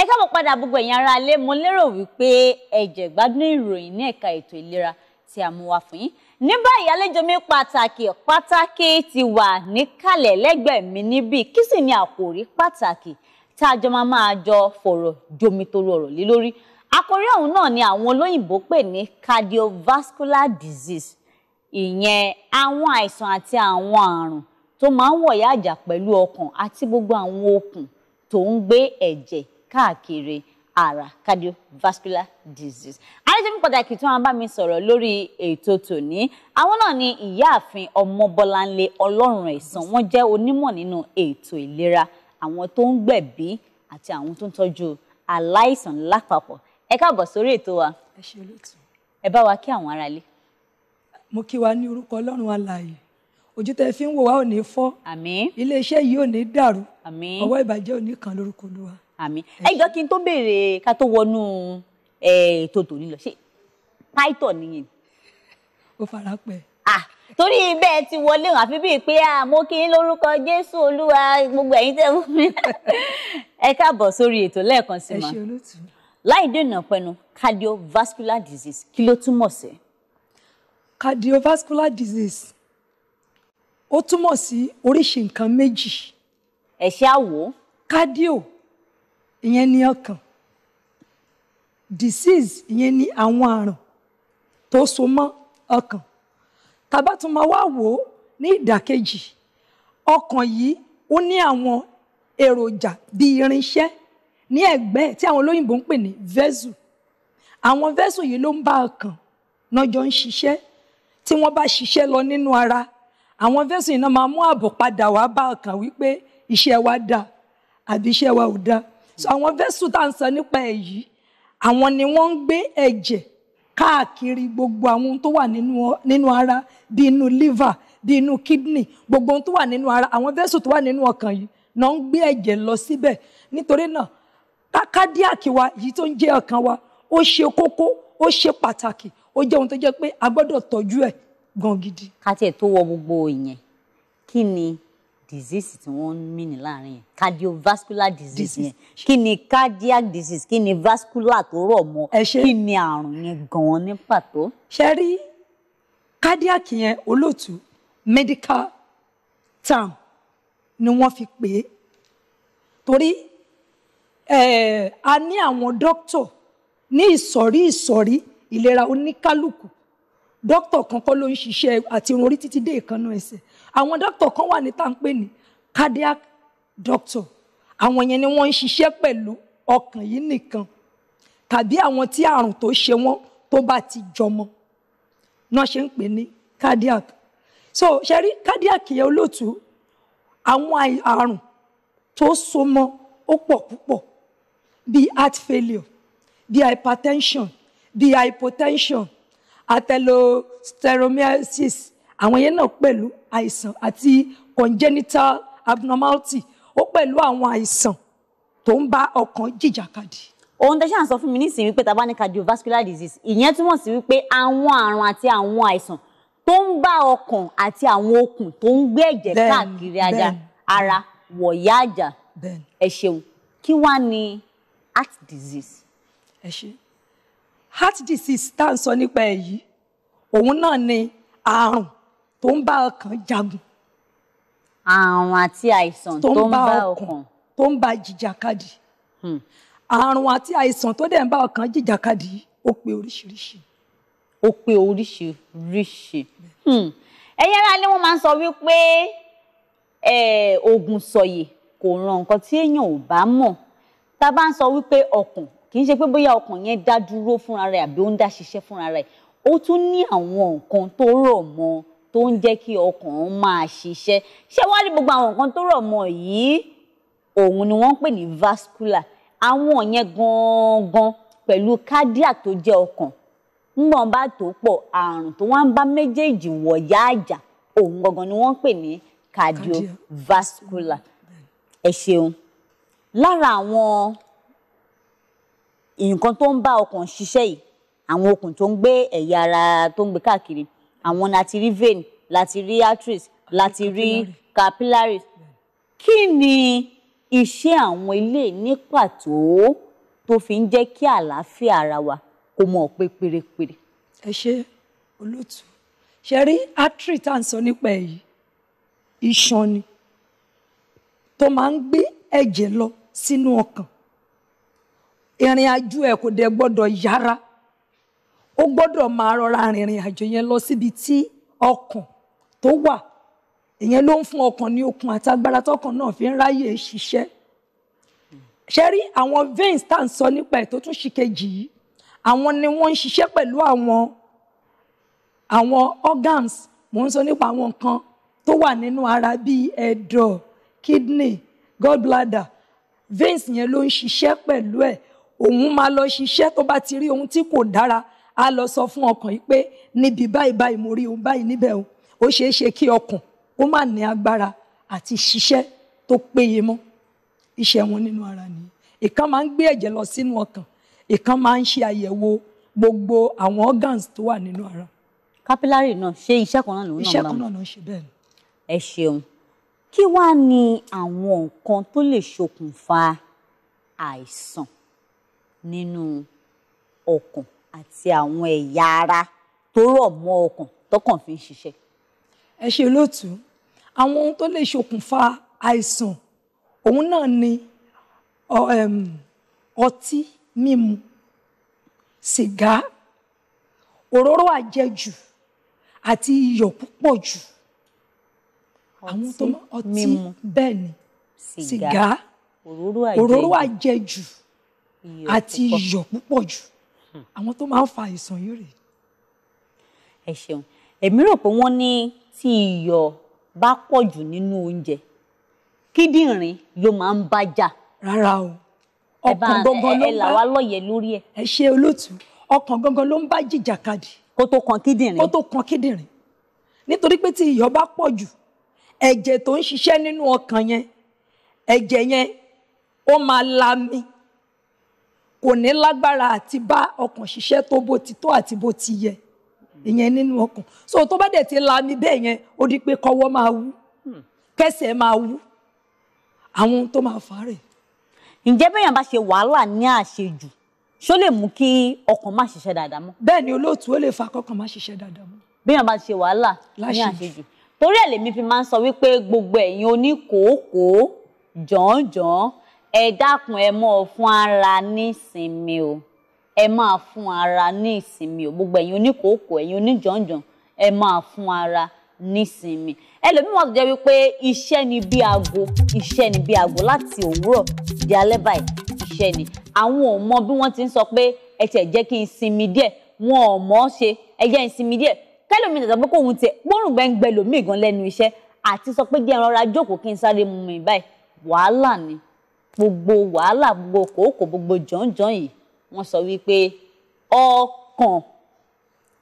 ẹ káàbọ̀ padà gbogbo ẹ̀yin ará ilé mo lérò wípé ẹ jẹ gbádùn ìròyìn ní ẹ̀ka ètò ìlera tí a mú wá fún yín ní báyìí àlejò mi pàtàkì pàtàkì ti wà níkàlẹ̀ lẹ́gbẹ̀ẹ́ mi níbí kí sì ni àkòrí pàtàkì tá a jọ máa máa jọ fọ̀rọ̀ jomitoro ọ̀rọ̀ lé àkòrí ọ̀hún náà ni àwọn olóyìnbó pè ní cardiovascular disease ìyẹn àwọn àìsàn àti àwọn àrùn tó máa ń wọ̀yáàjà pẹ̀lú ọkàn àti gbogbo àwọn okùn tó ń gbé ẹ̀jẹ̀ káàkiri ara cardiovascular disease. àlejò mi pàtàkì tí wọn bá mi sọ̀rọ̀ lórí ètò tòní àwọn náà ni ìyáàfin ọmọbọláńlé ọlọ́run ẹ̀sán wọn jẹ́ onímọ̀ nínú ètò ìlera àwọn tó ń gbẹ̀bí àti àwọn tó ń tọ́jú aláìsàn lápapọ̀ ẹ káàbọ̀ sórí ètò wa ẹ bá wa kí àwọn aráalé. mo kí wa ní orúkọ ọlọ́run alààyè ojú tẹ fi ń wò wá ò ní fọ́ iléeṣẹ́ yìí ò ní dàrú ọwọ́ ìbàjẹ́ ò ní kàn lórúkọ olúwa àmì ẹjọ́ kí n tó béèrè ká tó wọnú ètò tòní lọ ṣe python nìyí. ó fara pẹ́. ah torí bẹ́ẹ̀ ti wọlé hàn àfi bíi pé àmọ́ kí n lórúkọ jésù olúwa gbogbo ẹ̀yin tẹ́ fún mi ẹ káàbọ̀ sórí ètò lẹ́ẹ̀kan sí ma láì dènà pẹnu cardiovascular disease kí ló túmọ̀ sí. cardiovascular disease ó túmọ̀ sí oríṣi nǹkan méjì. ẹ̀ṣẹ̀ àwo. cardio ìyẹn ni ọkàn disease ìyẹn ni àwọn àrùn tó so mọ́ ọkàn tá bá tún máa wá wò ó ní ìdàkejì ọkàn yìí ó ní àwọn èròjà bíi irinṣẹ́ ní ẹ̀gbẹ́ tí àwọn olóyìnbó ń pè ní vessel àwọn vessel yìí ló ń bá ọkàn náà jọ ń ṣiṣẹ́ tí wọ́n bá ṣiṣẹ́ lọ nínú ara àwọn vessel yìí náà máa mú ààbò padà wá bá ọkàn wípé iṣẹ́ wa dáa àbí iṣẹ́ wa ò dáa so àwọn vẹ́sù tá à ń sọ nípa ẹ̀ yìí àwọn ni wọ́n ń gbé ẹ̀jẹ̀ káàkiri gbogbo àwọn ohun tó wà nínú ara bí inú liver bí inú kidney gbogbo ohun tó wà nínú ara àwọn vẹ́sù tó wà nínú ọkàn yìí náà ń gbé ẹ̀jẹ̀ lọ síbẹ̀ nítorí náà kákádíàkì wa yìí tó ń jẹ́ ọkàn wa ó ṣe kókó ó ṣe pàtàkì ó jẹ́ ohun tó jẹ́ pé a gbọ́dọ̀ tọ́jú ẹ̀ gan gidi. ká tiẹ̀ tó wọ gbogbo ìyẹn kí ni disease tí wọ́n ń mì ní láàrin yẹn cardiovascular disease yẹn kí ni cardiac disease kí ni vascular tó rọ̀ mọ́ kí ni àrùn yẹn gan-an ní pàtó. ṣe rí cardiac yẹn olóòtú medical term ni wọ́n fi pè é torí eh, a ní àwọn dókítà ní ìsọ̀rí ìsọ̀rí ìlera oníkálukú dókítà kan kọ́ ló ń ṣiṣẹ́ àti irun orí títí dé ìkànnà ẹsẹ̀ àwọn dókítà kan wà ní táǹpẹ́ ní cardiac doctor àwọn yẹn ni wọ́n ń ṣiṣẹ́ pẹ̀lú ọkàn yìí nìkan tàbí àwọn tí àrùn tó ṣe wọ́n tó bá ti jọmọ náà ṣe ń pè ní cardiac so ṣe rí cardiac yẹn olóòtú àwọn àrùn tó so mọ́ ó pọ̀ púpọ̀ bíi heart failure bíi hypertension bíi hypotension atelosteromiasis àwọn yẹn náà pẹ̀lú àìsàn àti congenital abnormality ó pẹ̀lú àwọn àìsàn tó ń bá ọkàn jìjàkadì. ohun tẹ́ ṣe fún mi nísìnyí wípé tá ní cardiovascular disease ìyẹn túmọ̀ sí wípé àwọn àrùn àti àwọn àìsàn tó ń bá ọkàn àti àwọn okùn tó ń gbé ẹ̀jẹ̀ káàkiri ajá ara wọ̀yá àjà ẹ ṣeun kí wàá ní heart disease. ẹ ṣe heart disease tá à ń sọ nípa ẹ̀ yìí òun náà ni àrùn tó ń bá ọkàn jagun. àrùn àti àìsàn tó ń bá ọkàn tó ń bá jìjàkadì. Hmm. àrùn àti àìsàn tó dẹ̀ ń bá ọkàn jìjàkadì ó pé oríṣiríṣi. ó pé oríṣiríṣi. Hmm. ẹ̀yin ará ilé wọn máa ń sọ wípé oògùn sọ̀yè kò ràn nǹkan tí èèyàn ò bá mọ̀ tá a bá ń sọ wípé ọkàn kì í ṣe pé bóyá ọkàn yẹn dá dúró fúnra rẹ̀ àbí ó ń dá ṣiṣẹ́ fúnra rẹ̀ ó tún ní àwọn nǹkan tó rọ̀ mọ́ tó ń jẹ́ kí ọkàn máa ṣiṣẹ́ ṣé wàá rí gbogbo àwọn nǹkan tó rọ̀ mọ́ yìí òun ni wọ́n ń pè ní vascular àwọn yẹn gangan pẹ̀lú cardiac tó jẹ́ ọkàn ńgbọ̀n bá tó pọ̀ àrùn tó wá ń bá méjèèjì wọ̀ yáàjà òun gangan ni wọ́n ń pè ní cardiovascular ẹ ṣeun lára àwọn nǹkan tó ń bá ọkàn ṣiṣẹ́ yìí àwọn okùn tó ń gbé ẹ̀yà ara tó ń gbé káàkiri àwọn láti rí vein láti rí arteries láti rí capillaries kí ni iṣẹ́ àwọn ilé ní pàtó tó fi ń jẹ́ kí àlàáfíà ara wa kó mọ̀ pé pérépéré. ẹ ṣe olóòtú ṣe rí artery tá à ń sọ nípa ẹ̀ iṣan ni tó máa ń gbé ẹ̀jẹ̀ lọ sínú ọkàn ìrìn àjò ẹ̀ kò dẹ̀ gbọ́dọ̀ yára ó gbọ́dọ̀ máa rọra rìnrìn àjò yẹn lọ síbi tí ọkàn tó wà ìyẹn ló ń fún ọkàn ní okun àti agbára tọkàn náà fi ń ráyè ṣiṣẹ́ ṣe rí àwọn veins tá à ń sọ nípa ẹ̀ tó tún ṣì kejì yìí àwọn ni wọ́n ń ṣiṣẹ́ pẹ̀lú àwọn àwọn organs mò ń sọ nípa àwọn nǹkan tó wà nínú ara bíi ẹ̀dọ̀ kidney gallbladder veins yẹn ló ń ṣiṣẹ́ pẹ̀lú ẹ̀ òun máa lọ ṣiṣẹ́ tó bá ti rí ohun tí kò dára á lọ sọ fún ọkàn yìí pé níbi báyìí báyìí mo rí ohun báyìí níbẹ̀ o ó ṣeé ṣe kí ọkàn ó má ní agbára àti ṣiṣẹ́ tó péye mọ́ iṣẹ́ wọn nínú ara nìyí ìkan máa ń gbé ẹ̀jẹ̀ lọ sínú ọkàn ìkan máa ń ṣe àyẹ̀wò gbogbo àwọn organs tó wà nínú ara. capillary náà ṣe iṣẹ́ kan náà lòun náà máa iṣẹ́ kan náà ṣe bẹ́ẹ̀. ẹ ṣeun kí wàá ní àwọn nǹkan tó lè ṣokùnfà àìsàn nínú ọkàn àti àwọn ẹ̀yà ara tó rọ̀ mọ́ ọkàn tọkàn fi ń ṣiṣẹ́. ẹ ṣe lóòtú àwọn ohun tó lè ṣokùnfà àìsàn òun náà ni ọtí mímu sìgá òróró àjẹjù àti iyọ̀ púpọ̀ jù àwọn tó ọtí bẹ́ẹ̀ ni sìgá òróró àjẹjù àti iyọ̀ púpọ̀ jù hmm. àwọn tó máa ń fa àìsàn yìí rèé. ẹ ṣeun èmi rò pé wọ́n ní tí iyọ̀ bá pọ̀ jù nínú oúnjẹ kíndìnrín ló máa ń bá jà. rárá o ọkàn gangan ló ń bá ẹ là wá lóye lórí ẹ. ẹ ṣe olóòtú ọkàn gangan ló ń bá jìjàkadì. kó tó kan kíndìnrín. kó tó kan kíndìnrín nítorí pé tí iyọ̀ bá pọ̀ jù ẹ̀jẹ̀ tó ń ṣiṣẹ́ nínú ọkàn yẹn ẹ̀jẹ̀ yẹn ó máa lami kò ní lágbára àti bá ọkàn ṣiṣẹ́ tó bó ti tó àti bó ti yẹ ìyẹn nínú ọkàn so tó bá dẹ̀ ti la mi bẹ́ẹ̀ yẹn ó di pé kọ́wọ́ máa wú hmm. kẹsẹ̀ máa wú àwọn ohun tó máa fà rẹ̀. ǹjẹ́ bẹ́yàn bá ṣe wàhálà ní àṣejù ṣó lè mú kí ọkàn má ṣiṣẹ́ dáadáa mọ́. bẹ́ẹ̀ ni olóòtú ó lè fa kọ́kàn má ṣiṣẹ́ dáadáa mọ́. bẹ́yàn bá ṣe wàhálà ní àṣejù torí ẹ̀ lèmi fi máa ń sọ wípé gbogbo ẹ̀yin oníkòókòó jọ̀ọ́jọ̀ọ́ ẹ dákun ẹ mọ́ fún ara ní ìsinmi o ẹ máa fún ara ní ìsinmi o gbogbo ẹ̀yin oníkòókò ẹ̀yin oníjànjàn ẹ máa fún ara nísinmi ẹlòmíràn tó jẹ́ wípé iṣẹ́ ni bí aago iṣẹ́ ni bí aago láti òwúrọ̀ di alẹ́ báyìí iṣẹ́ ni àwọn ò mọ bí wọ́n ti ń sọ pé ẹ tiẹ̀ jẹ́ kí n sinmi díẹ̀ wọn ò mọ̀ ọ́ ṣe ẹ jẹ́ n sinmi díẹ̀ kẹlòmíì tàbí pé kò ń tiẹ̀ gbórùn gbẹ́ngbẹ́ lòmíì gan lẹ́nu iṣẹ́ àti sọ pé díẹ̀ rọra jókòó kí n sáré mu mi báyìí wàhálà ni gbogbo wàhálà gbogbo kòókò gbogbo jọ̀ǹjọ̀ǹ yìí wọ́n sọ wípé ọkàn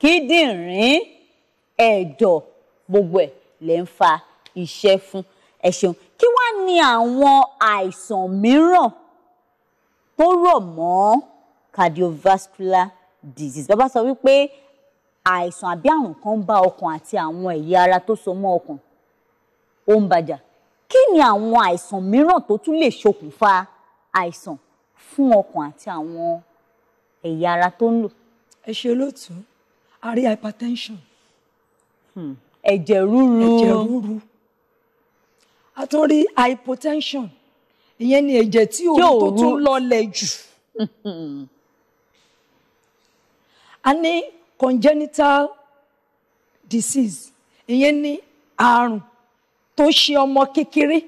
kíndìnrín ẹ̀dọ̀ gbogbo ẹ̀ lè ń fa iṣẹ́ fún ẹ ṣeun kí wá ní àwọn àìsàn mìíràn tó rọ̀ mọ́ cardiovascular disease bàbá sọ wípé àìsàn àbí àrùn kan ń bá ọkàn àti àwọn ẹ̀yà ara tó so mọ́ ọkàn ó ń bàjà kí ni àwọn àìsàn mìíràn tó tún lè ṣokùnfà àìsàn fún ọkàn àti àwọn ẹ̀yà ara tó ń lò. ẹ ṣe olóòtú a rí hypertension. Hmm. ẹ̀jẹ̀ ríru ẹ̀jẹ̀ ríru a tún rí hypotension ìyẹn ni ẹ̀jẹ̀ tí òru tó tún lọlẹ̀ jù. a ní congenital disease ìyẹn ni àrùn tó ṣe ọmọ kékeré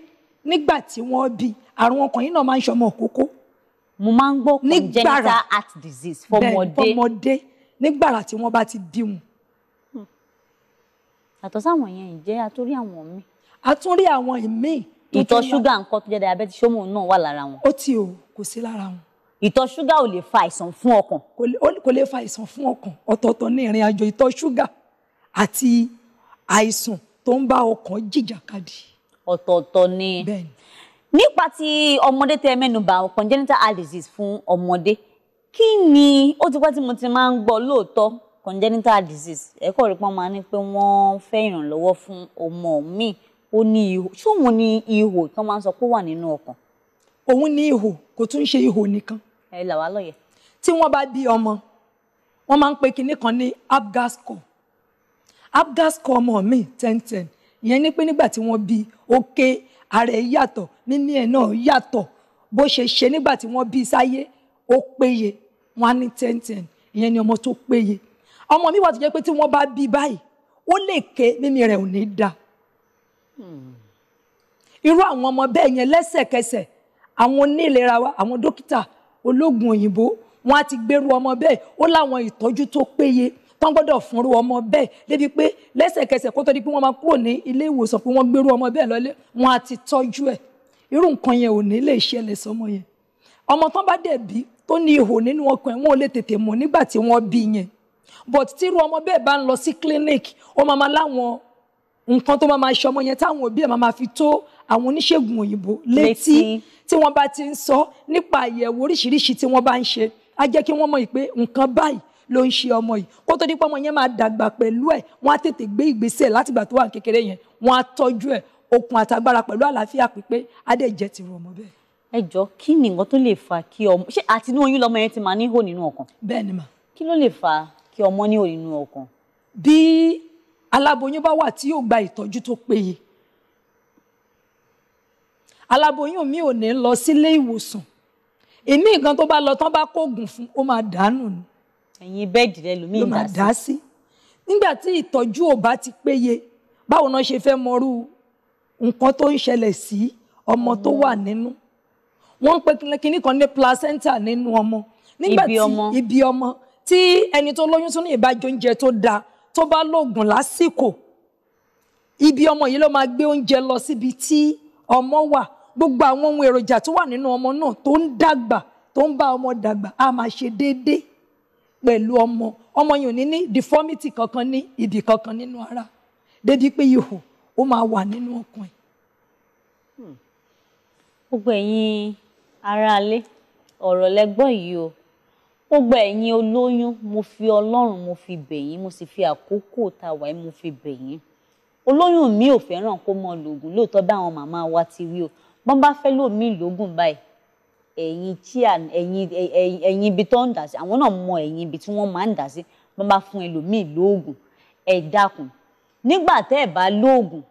nígbà tí wọ́n bí àrùn ọkàn yìí náà máa ń ṣe ọmọ òkókó. mo máa ń gbọ́ congenital heart disease fọmọdé fọmọdé nígbàrà tí wọ́n bá ti bí wọn. àtọ̀ sáwọn yẹn ìjẹ́ àtúrí àwọn míì. àtúrí àwọn míì. ìtọ̀ ṣúgà nǹkan tó jẹ́ diabetes ṣé òun náà wà lára wọn. ó ti o kò sí lára wọn. ìtọ̀ ṣúgà ò lè fa àìsàn fún ọkàn. kò lè fa àìsàn fún ọkàn ọ̀tọ̀ọ̀tọ̀ ní ìrìn àjò ìtọ̀ ṣúgà àti àìsàn tó ń bá ọkàn jìjàkadì. ọ̀tọ̀ọ̀tọ̀ ni nípa ti ọmọdé tẹ mẹ́nubà congenital heart disease fún ọmọdé kí ni ó ti pẹ́ tí mo ti máa ń gbọ́ lóòótọ́ congenital disease ẹ̀kọ́ rí pọ́n máa ní pé wọ́n fẹ́ ìrànlọ́wọ́ fún ọmọ mi ó ní ihò ṣóun ni ihò tí wọ́n máa ń sọ pé ó wà nínú ọkàn. òun ní ihò kò tún ṣe ihò nìkan. ẹ là wá lóye. tí wọ́n bá bí ọmọ wọ́n máa ń pe kinní kan ní Apgar abdas come on me, ten ten ìyẹn ni pé nígbà tí wọ́n bí òkè ara ẹ̀ yàtọ̀ mímí ẹ̀ náà yàtọ̀ bó ṣe ṣe nígbà tí wọ́n bí sáyé ó péye wọ́n ní ten ten ìyẹn ni ọmọ tó péye ọmọ mi wà tó jẹ́ pé tí wọ́n bá bí báyìí ó lè ké mímí rẹ̀ ò ní da irú àwọn ọmọ bẹ́ẹ̀ yẹn lẹ́sẹ̀kẹsẹ̀ àwọn onílera wa àwọn dókítà ológun òyìnbó wọ́n á ti gbèrú ọmọ bẹ́ẹ̀ ó láwọn ìtọ́jú tó péye tán gbọ́dọ̀ fúnrú ọmọ bẹ́ẹ̀ débi pé lẹ́sẹ̀kẹsẹ̀ kó tó di pé wọ́n máa kúrò ní ilé ìwòsàn pé wọ́n gbérú ọmọ bẹ́ẹ̀ lọ́lé wọn á ti tọ́jú ẹ̀ irú nǹkan yẹn ò ní lè ṣẹlẹ̀ sọmọ yẹn ọmọ tán bá dẹ̀ bí tó ní ihò nínú ọkàn ẹ̀ wọn ò lè tètè mọ̀ nígbà tí wọ́n bí yẹn but tírú ọmọ bẹ́ẹ̀ bá ń lọ sí clinic ó máa ma láwọn nǹkan tó máa ma ṣe ọmọ yẹn táwọn òbí ẹ̀ máa fi tó àwọn oníṣègùn òyìnbó létí tí wọ́n bá ti ń sọ nípa àyẹ̀wò oríṣiríṣi tí wọ́n bá ń ṣe á jẹ́ kí wọ́n mọ̀ pé nǹkan báyìí ló ń ṣe ọmọ yìí kó tó di pé ọmọ yẹn máa dàgbà pẹ̀lú ẹ̀ wọ́n á tètè gbé ìgbésẹ̀ látìgbà tó wà kékeré yẹn wọ́n á tọ́jú ẹ̀ okun àtagbára pẹ̀lú àlàáfíà pípé adéjẹ́ ti rọ̀ ọmọ bẹ́ẹ̀. ẹ jọ kí ni nǹkan tó lè fa kí ọmọ ṣé àtinú oyún lọmọ yẹn ti máa níhò nínú ọkàn. bẹ́ẹ̀ ni mà. kí ló lè fa kí ọmọ níhò nínú ọkàn. bí aláboyún bá wà tí yóò gba ìtọ́jú tó péye aláboyún mi ò ní lọ sílé ìwòsàn èmi nǹkan tó bá lọ tán bá kóògùn fún ó máa dànù ni ẹ̀yìn bẹ́ẹ̀dì rẹ lómi ìdá sí. ló máa dá sí nígbà tí ìtọ́jú ò bá ti péye báwo náà ṣe fẹ́ mọrú nǹkan tó ń ṣẹlẹ̀ sí ọmọ tó wà nínú wọ́n ń pe kinní kan ní placenta nínú ọmọ nígbà tí ibi ọmọ tí ẹni tó lóyún sínú ìbájọ oúnjẹ tó dáa tó bá lóògùn lásìkò ibi ọmọ yìí ló máa gbé oúnjẹ lọ síbi tí ọmọ wà gbogbo àwọn ohun èròjà tó wà nínú ọmọ náà tó ń dàgbà tó ń bá ọmọ dàgbà á máa ṣe déédéé pẹ̀lú ọmọ ọmọ yìí ò ní ní deformity kankan ní ìdì kankan nínú ara dédí pé ihò ó máa wà nínú ọkàn ẹ̀. gbogbo ẹ̀yin aráalé ọ̀rọ̀ lẹ́gbọ́n yìí o gbogbo ẹ̀yin olóyún mo fi ọlọ́run mo fi bẹ̀yín mo sì fi àkókò tá a wà mo fi bẹ̀yín olóyún mi ò fẹ́ràn kó mọ lògùn lóòótọ́ bí àwọn màmá wa ti wí o bọ́n bá fẹ́ lómi lògùn báyìí ẹ̀yin chia ẹ̀yin ẹ̀yin ibi tó ń dà sí àwọn náà mọ ẹ̀yin ibi tí wọ́n máa ń dà sí wọ́n bá fún ẹlòmíì lóògùn ẹ dákun nígbà tẹ́ ẹ bá lóògùn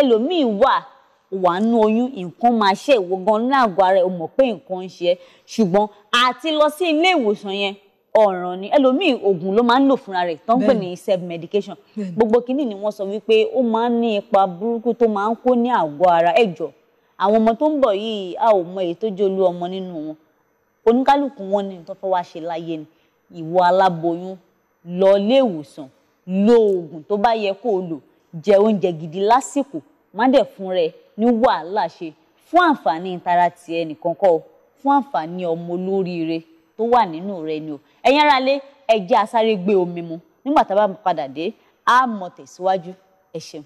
ẹlòmíì wà wà nú oyún nǹkan máa ṣe ìwọ gan ní àgọ́ ara ẹ o mọ̀ pé nǹkan ń ṣe ẹ ṣùgbọ́n àti lọ sí ilé ìwòsàn yẹn ọ̀ràn ni ẹlòmíì oògùn ló máa ń lò fúnra rẹ̀ tó ń pè ní self medication gbogbo kínní ni wọ́n sọ wípé ó máa ń ní ipa burúkú tó máa ń kó ní àgọ́ ara ẹ jọ̀ọ́ àwọn ọmọ tó ń bọ̀ yìí a ò mọ èyí tó jẹ́ olú ọmọ nínú wọn oníkálùkù wọn ní tó fẹ́ wá ṣe láyé ni ìwọ aláboyún lọ ilé ìwòsàn lo oògùn tó bá yẹ kó o lò jẹ oúnjẹ gidi lásìkò má dẹ̀ fún rẹ ní wàhálà ṣe fún àǹfààní tara tiẹ̀ nìkan kọ́ fún àǹfààní ọmọ olóríire tó wà nínú rẹ ni o ẹ̀yin ará lé ẹ jẹ́ a gbé omi mu nígbà tá a bá padà dé a mọ̀ tẹ̀síwájú ẹ ṣeun.